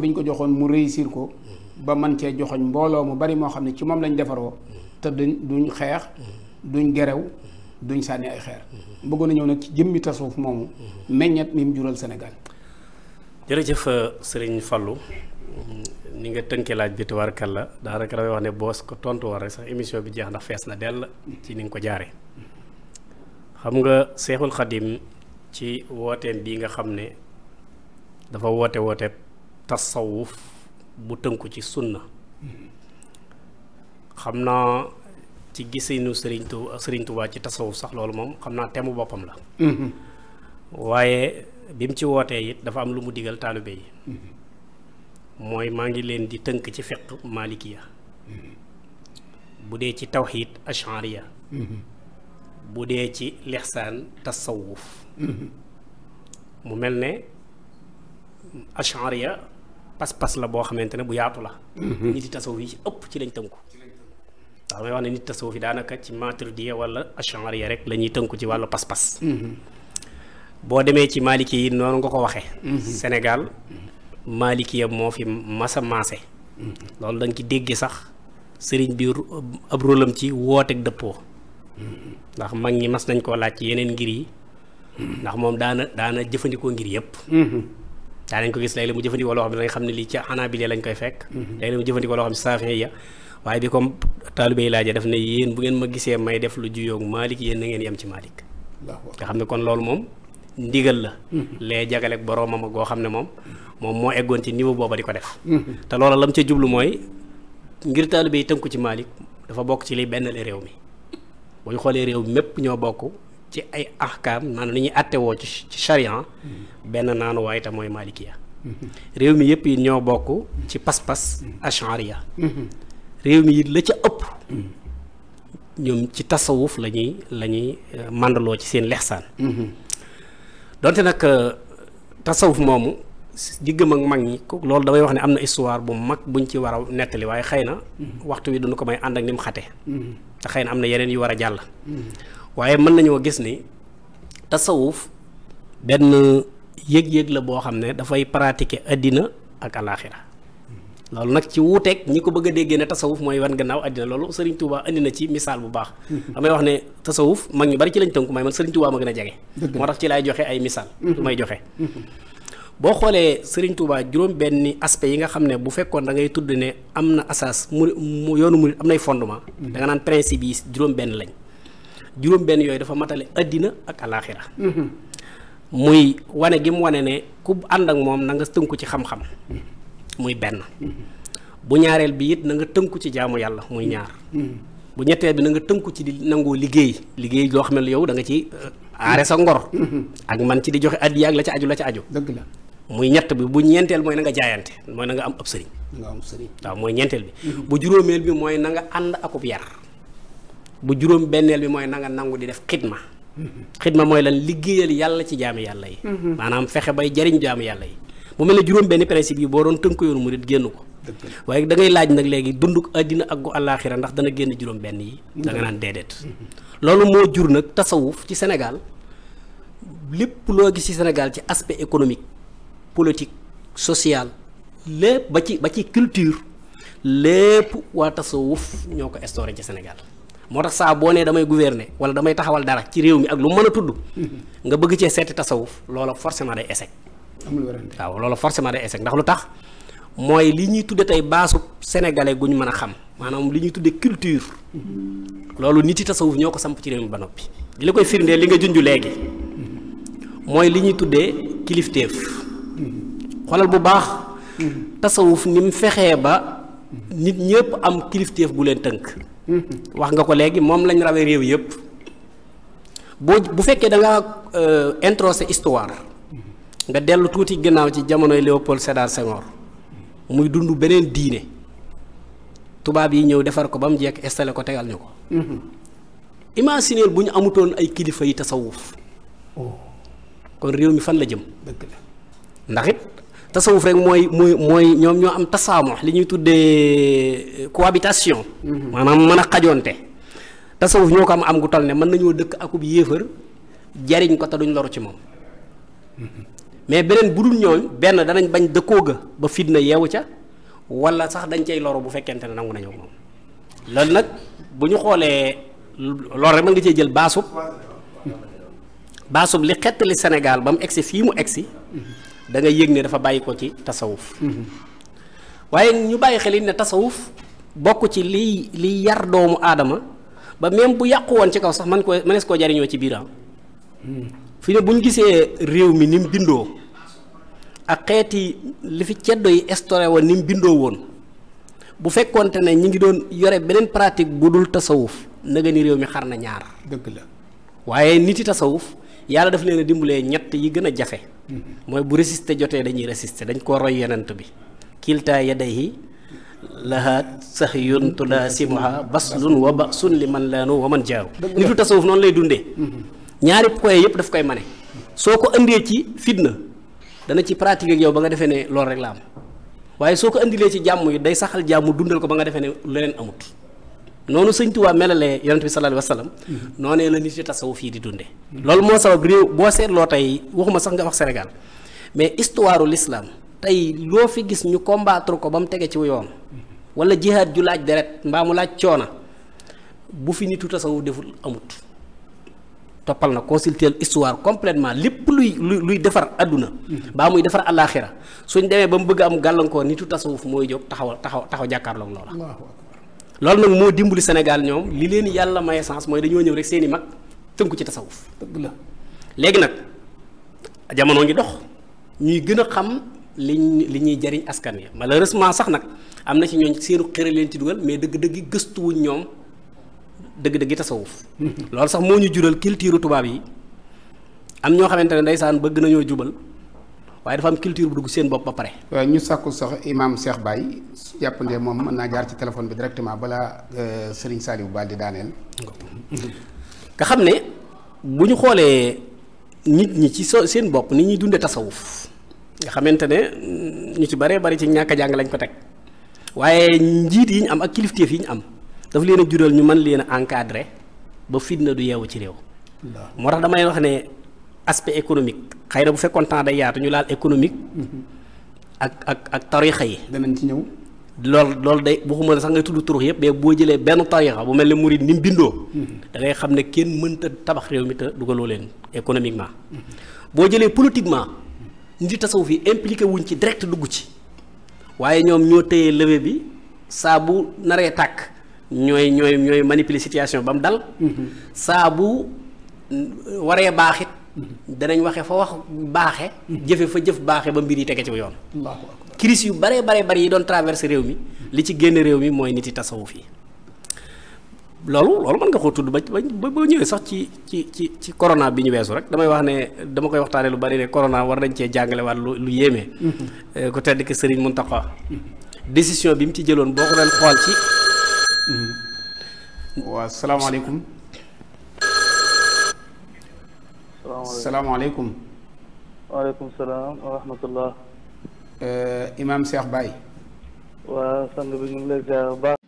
bi ñu ko joxoon mu réussir ko ba man cee joxoñ mbooloo mu bari moo xam ne ci moom lañu defaroo te duñ duñ xeex duñ gerew duñ sànni ay xeer bëggoon a ñëw nag ci jëmmi tasawuf moomu meññet mi mu jural Sénégal jërëjëf euh, sëriñ fallu ni nga tënkee laaj bi tubaarkal la daanaka damay wax ne boos ko tontu war rek sax émission bi jeex ndax fees na dell ci ni nga ko jaare xam nga seexul xadim ci wooteen bii nga xam ne dafa woote woote tasawuf bu tënku ci sunna xam naa ci gisinu sëriñ tu ci tasawuf sax loolu moom xam naa temu boppam la waaye bi mu ci wootee it dafa am lu mu digal taalibe yi mooy maa ngi leen di tënk ci fiq malikiya bu dee ci tawxiid ashariya bu dee ci lixsaan tasawuf mu mel ne ashariya pas-pas la boo xamante ne bu yaatu la. nit yi tasawuf ci ëpp ci lañ tënku. ndax may wax ne nit tasawuf yi daanaka ci maturidiya wala ashariya rek la tënku ci wàllu pas-pas. boo demee ci maliki yi noonu nga ko waxe Sénégal malikiya moo fi masa maase. loolu dañ ci dégg sax sëriñ bi ab rôlam ci wooteeg dëppoo. ndax mag ñi mas nañ koo laaj ci yeneen ngir yi. ndax moom daana daana jëfandikoo ngir yëpp. daanañ ko gis léeg-léeg mu jëfandikoo loo xam ne da nga xam ne lañ koy fekk mhm. léeg-léeg mu jëfandikoo loo xam ne waaye bi comme taalibe yi laajee daf ne yéen bu ngeen ma gisee may def lu juyoog Maalik yéen na ngeen yem ci Maalik nga xam ne kon loolu moom ndigal la mhm. lee jagale ak boroomam goo xam ne moom moom moo eggoon ci niveau booba di ko def mhm. te loola lam ca jublu mooy ngir taalibe yi tënku ci Maalik dafa bokk ci li benn réew mi bu xoolee réew mépp ñoo bokk ci ay ahkaam naan li ñuy attewoo woo ci charia benn naanu waaye tam mooy malikiya réew mi yëpp yi ñoo bokk ci pas-pas ashariya réew mi it la ca ëpp ñoom ci tasawuf la ñuy la ñuy euh, mandaloo ci seen lexsaan donte nag euh, tasawuf moomu diggam ak mag ñi loolu damay wax ne am na histoire bu mag buñ ci war a nettali waaye xëy na waxtu wi duñu ko may ànd ak ni xate te xëy am na yeneen yu war a jàll waaye mën nañoo gis ni tasawuf benn yëg-yëg la boo xam ne dafay pratiquer àddina ak alaaxira loolu nag ci wuuteeg ñi ko bëgg a déggee ne tasawuf mooy wan gannaaw àddina loolu Serigne Touba andi na ci misaal bu baax. Hmm. damay wax ne tasawuf mag ñu bari ci lañ tënku may man Serigne Touba ma gën a jege. moo tax ci laay joxe ay misaal. Hmm. lu may joxe. Hmm. boo xoolee sëriñ Touba juróom benni aspect yi nga xam ne bu fekkoon da ngay tudd ne am na asaas mu yoonu mu am nay fondement. da nga naan principe juróom benn lañ. juróom-benn yooyu dafa matale àddina ak alaaxira mhm. muy wane gi mu wane ne ku ànd ak moom nanga tënku ci xam-xam mhm. muy benn mhm. bu ñaareel bi it na nga tënku ci jaamu yàlla muy ñaar bu ñetteel bi na nga tënku ci di nangoo liggéey liggéey loo xam ne yow da nga ci euh, aare sa ngor ak man ci di joxe addiya ak la ca aju la ci aju dëgg muy ñett bi bu ñeenteel mooy na nga jaayante mooy na nga am ab sëriñ nga am waaw mooy ñeenteel bi bu juróomeel bi mooy nanga nga ànd akub yar bu juróom benneel bi mooy na nga nangu di def xidma xidma mooy lan liggéeyal yàlla ci jaami yàlla yi mhm. maanaam fexe bay jariñ jaami yàlla yi mu mel ne juróom benn principe yi boo doon tënk yoonu murit génn ko waaye dangay laaj nag léegi dunduk àddina ak gu àllaaxira ndax dana génn juróom benn yi mhm. da nga naan déedéet mhm. loolu moo jur nag tasawuf ci senegal lépp loo gis ci Sénégal ci aspect économique politique social lépp ba ci ba ci culture lépp waa tasawuf ñoo ko ci Sénégal moo tax saa boo nee damay gouverner wala damay taxawal dara ci réew mi ak lu mën a tudd nga bëgg cee seeti tasawuf loola forcément day échec amul werante waaw loola forcément day échec ndax lu tax mooy li ñuy tudde tey baasu sénégalais gu ñu mën a xam maanaam li ñuy tudde culture mm-hmm. loolu nit yi tasawuf ñoo ko samp ci réew mi ba noppi li la koy firndee li nga junj léegi mm-hmm. mooy li ñuy tuddee kilifteef mm-hmm. xoolal bu baax tasawuf ni mu fexee ba nit ñëpp am kilifteef gu leen tënk wax nga ko léegi moom lañu rawee réew yëpp boo bu fekkee da nga euh, introsé histoire nga dellu tuuti ginnaaw ci jamonoy Léopold Sédar Senghor muy dund beneen diine tubaab yi ñëw defar ko ba mu jekk installé ko tegal ñu ko. imaginer bu ñu amutoon ay kilifa yi tasawuf oh. kon réew mi fan la jëm. dëgg tasawuf rek mooy mooy mooy ñoom ñoo am tasaamu li ñuy tuddee euh, cohabitation. Mhm. maanaam mën a xajonte. tasawuf ñoo ko am am gu toll ne mën nañoo dëkk akub yéefar jariñ ko te duñ loru ci moom. Mhm. mais beneen bu ñooñ benn danañ bañ dëkkoo ga ba fitna yeewu ca walla sax dañ cay loru bu fekkente ne nangu nañoo moom loolu nag bu ñu xoolee loolu rek mën nga cee jël baasub baasub li xettali Sénégal ba mu egsi fii mu egsi mhm. da ngay yëg ne dafa bàyyi ko ci tasawuf waaye ñu bàyyi xel it ne tasawuf bokk ci liy liy yar doomu aadama ba même bu yàqu woon ci kaw sax man ko mënees koo jariñoo ci biiram fi ne bu ñu gisee réew mi ni mu bindoo ak xeeti li fi ceddo yi estoré woon ni mu bindoo woon bu fekkoonte ne ñu ngi doon yore beneen pratique bu dul tasawuf naga ni réew mi xar na ñaar dëgg la waaye nit yi tasawuf yàlla def leen a dimbalee ñett yi gën a jafe mooy bu résister jotee dañuy résister dañ ko roy yenent bi kilta yadayhi lahaat sax yuntu la simuha baslun wa basun li man laanu wa man jaaw nitu tasawuf noonu lay dundee ñaari point yëpp dafa koy mane soo ko indee ci fitna dana ci pratique ak yow ba nga defee ne loolu rek la am waaye soo ko indilee ci jàmm yi day saxal jàmm dundal ko ba nga defee ne leneen amut noonu sëñ Tuubaa melalee yonent bi sallallahu alayhi wa sallam la nit ci tasawuf fii di dunde loolu moo sabab réew boo seetloo tey waxuma sax nga wax Sénégal mais histoire u tey loo fi gis ñu combattre ko ba mu tege ci yoon wala jihaad ju laaj deret mbaa mu laaj coona bu fi nitu tasawuf deful amut toppal na consulter histoire complètement lépp luy luy defar àdduna baa muy defar àllaaxira suñ demee ba mu bëgg am gàllankoor nitu tasawuf mooy jóg taxaw taxaw taxaw jàkkaarloog loola loolu nag moo dimbali Sénégal ñoom li leen yàlla may chance mooy dañoo ñëw rek seen i mag tënku ci tasawuf la léegi nag jamono ngi dox ñuy gën a xam liñ li ñuy jariñ askan wi malheureusement sax nag am na ci ñooñ seenu xëre leen ci dugal mais dëgg-dëgg gëstuwuñ ñoom dëgg-dëgg tasawuf loolu sax moo ñu jural culture tubaab yi am ñoo xamante ne ndeysaan bëgg nañoo jubal waaye dafa am culture bu dugg seen bopp ba pare. ñu sàkku sax imaam Cheikh Baye jàppande moom mën naa jaar ci téléphone bi directement balaa euh, Serigne Saliou Ba di daaneel. nga xam ne bu ñu xoolee nit ñi ci so seen bopp ni ñuy dundee tasawuf nga xamante ne mm, ñu ci baree bari ci ñàkk jàng lañ ko teg waaye njiit yi ñu am ak kilifteef yi ñu am daf leen a jural ñu man leen a encadrer ba fitna du yeewu ci réew. moo tax damay wax ne. aspect économique xëy na bu fekkoon day yaatu ñu laal économique. ak ak ak tarixa yi. danañ ci ñëw. loolu loolu day waxuma ne sax ngay tudd turux yëpp mais boo jëlee benn tarixa bu mel ne murid ni mu bindoo. Mhm. da xam ne kenn mënta tabax réew mi te dugaloo leen économiquement. boo jëlee politiquement. nit tasawuf yi impliqué wuñ ci direct dugg ci. waaye ñoom ñoo téye levée bi saa bu naree tàkk. ñooy ñooy ñooy manipuler situation ba mu dal. Mhm. saa bu waree baaxit danañ waxe fa wax baaxe jëfe fa jëf baaxe ba mbir yi tege ci yoon crise yu bare bare bari yi doon traversé réew mi li ci génn réew mi mooy nit yi tasawu fii loolu loolu mën nga koo tudd ba ba ba ñëwee sax ci ci ci ci corona bi ñu weesu rek damay wax ne dama koy waxtaanee lu bari ne corona war nañ cee jàngale waat lu lu yéeme. Mm-hmm. Eh, ku tedd ki Serigne Mountakha. décision bi mu ci jëloon boo ko doon xool ci. Mm-hmm. waaw salaamaaleykum. salaamaaleykum waaleykum salaam wa rahmatullah euh, imaam Cheikh Baye waa sang bi ñu ngi lay ziar bu baax